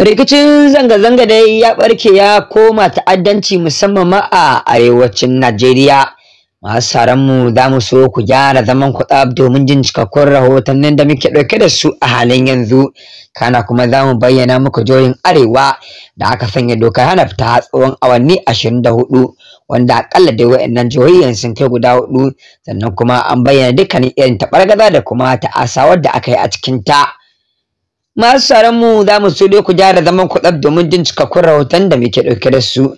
rikicin zanga-zanga dai ya barke ya koma ta'addanci musamman ma a arewacin najeriya masu mu za mu so ku gyara zaman ku domin jin cikakkun nan da muke ɗauke da su a halin yanzu kana kuma za mu bayyana muku jihohin arewa da aka sanya dokar hana fita tsawon awanni ashirin da hudu wanda akalla dai wa'annan jihohiyan sun kai guda hudu sannan kuma an bayyana dukkanin irin taɓargaza da kuma ta'asa da aka yi a cikin ta. masu tsaron mu za mu so dai ku gyara zaman ku ɗab domin jin cikakkun rahoton da muke ɗauke da su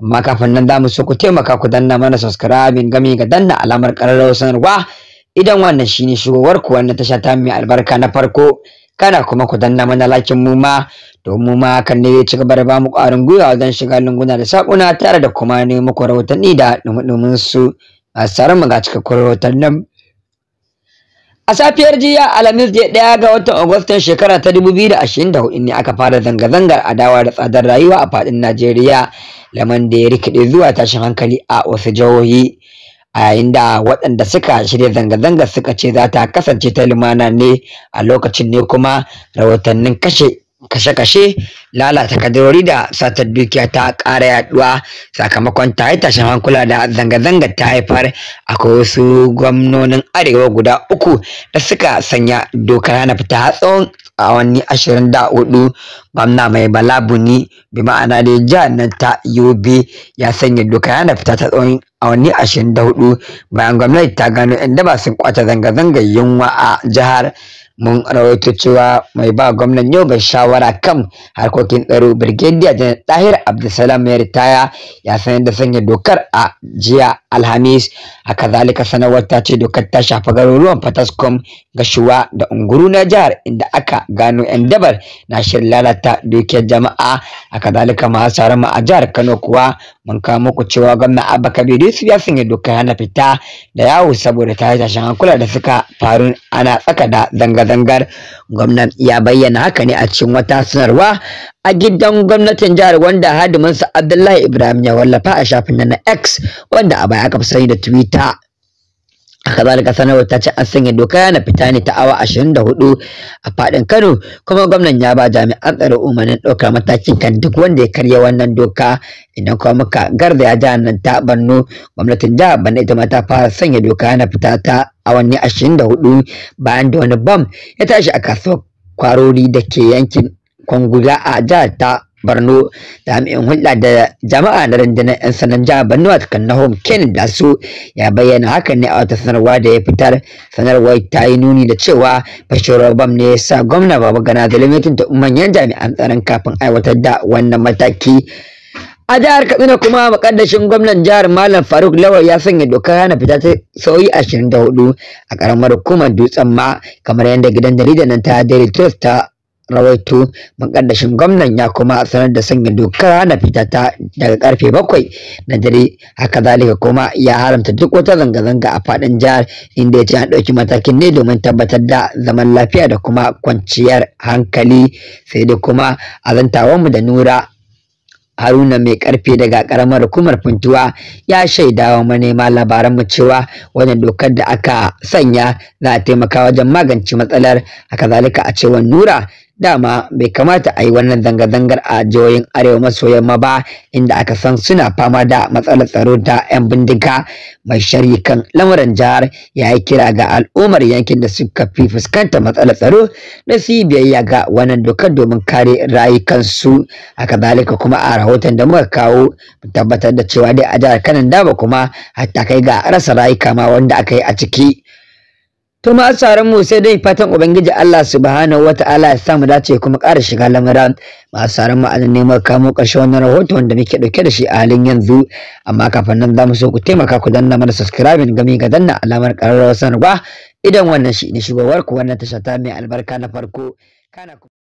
amma kafin nan za mu so ku taimaka ku danna mana subscribing gami ga danna alamar ƙararrawar sanarwa idan wannan shine shigowar ku wannan tasha ta mai albarka na farko kana kuma ku danna mana lakin mu ma domin mu ma kan ne ci gaba da ba mu ƙwarin gwiwa wajen shiga lunguna da saƙuna tare da kuma ne muku rahotanni da ɗumuɗumin su masu tsaron mu ga cikakkun rahoton nan A safiyar jiya Alhamis je ɗaya ga watan Agustan shekara ta 2024 ne aka fara zanga-zangar adawa da tsadar rayuwa a faɗin Najeriya, laman da ya rikide zuwa tashin hankali a wasu jihohi. A yayin da waɗanda suka shirya zanga-zangar suka ce za ta kasance ta lumana ne a lokacin ne kuma rahotannin kashe kashe-kashe lalata kadarori da satar dukiya ta ƙara yaduwa sakamakon yi tashin hankula da zanga zanga ta haifar akwai wasu gwamnonin arewa guda uku da suka sanya dokar hana fita tsawon awanni ashirin da hudu gwamna mai balabuni bi ma'ana dai jihar nan ta yobe ya sanya doka yana fita ta tsawon awanni ashirin da hudu bayan gwamnati ta gano inda ba sun kwace zanga zanga yunwa a jihar mun rawaito cewa mai ba gwamnan yau bai shawara kan harkokin tsaro birgediya da tahir abdulsalam ya ritaya ya sanar da sanya dokar a jiya alhamis a kazalika sanarwar ta ce dokar ta shafi garuruwan fataskom gashuwa da unguru na jihar inda aka gano yan dabar na shirin lalata ta dukiyar jama'a a kazalika ma sauran ma a jihar Kano kuwa mun kawo muku cewa gwamna Abba Kabir su ya sanya dokar hana fita da yawo saboda ta yi tashin hankula da suka faru ana tsaka da zanga-zangar gwamnan ya bayyana haka ne a cikin wata sanarwa a gidan gwamnatin jihar wanda hadiminsa Abdullahi Ibrahim ya wallafa a shafin na X wanda a baya aka fi sani da Twitter kazalika sanarwar ta ce an sanya doka na fita ne ta awa 24 a fadin Kano kuma gwamnan ya ba jami'an tsaro umarnin ɗaukar matakin kan duk wanda ya karya wannan doka idan kuma muka garzaya jihar nan ta banno gwamnatin jihar banne ita ma ta fara sanya doka na fita ta awanni 24 bayan da wani bam ya tashi a kasuwar kwarori da ke yankin Kwanguza a jihar ta Borno jami'in hulɗa da jama'a na rundunar 'yan sanan jihar Borno a cikin Nahum Ken Dasu ya bayyana hakan ne a wata sanarwa da ya fitar sanarwar ta yi nuni da cewa fashewar bam ne ya sa gwamna Baba Gana da limitin da manyan jami'an tsaron kafin aiwatar da wannan mataki. A jihar Katsina kuma makaddashin gwamnan jihar Malam Faruk Lawal ya sanya doka hana fita ta sauyi ashirin da hudu a karamar hukumar dutsen ma kamar yadda gidan jaridar nan ta Daily ta rawaito makaddashin gwamnan ya kuma sanar da sanya dokar hana fita ta daga karfe bakwai na dare haka zalika kuma ya haramta duk wata zanga-zanga a faɗin jihar inda ya ce an ɗauki matakin ne domin tabbatar da zaman lafiya da kuma kwanciyar hankali sai da kuma mu da nura Haruna mai karfe daga karamar hukumar Funtuwa ya shaidawa manema labaran mu cewa wannan dokar da aka sanya za a taimaka wajen magance matsalar haka zalika a cewar Nura dama bai kamata a yi wannan zanga-zangar a jihohin arewa maso yamma ba inda aka san suna fama da matsalar tsaro ta 'yan bindiga mai shari kan lamuran jihar ya yi kira ga al'ummar yankin da suka fi fuskanta matsalar tsaro na su yi biyayya ga wannan dokar domin kare rayukansu a kazalika kuma a rahoton da muka kawo tabbatar da cewa dai a jihar kanan daba kuma hatta kai ga rasa rayuka ma wanda aka yi a ciki To ma tsaron mu sai dai fatan Ubangiji Allah subhanahu wataala ya samu dace kuma ƙara shiga lamura. masu tsaron mu an neman kamo ƙarshe wannan rahoton da muke dauke da shi a halin yanzu amma kafin nan zamu mu so ku taimaka ku danna mana subscribing gami ga danna alamar ƙararrawar sanarwa idan wannan shi ne ku wannan tasha ta mai albarka na farko kana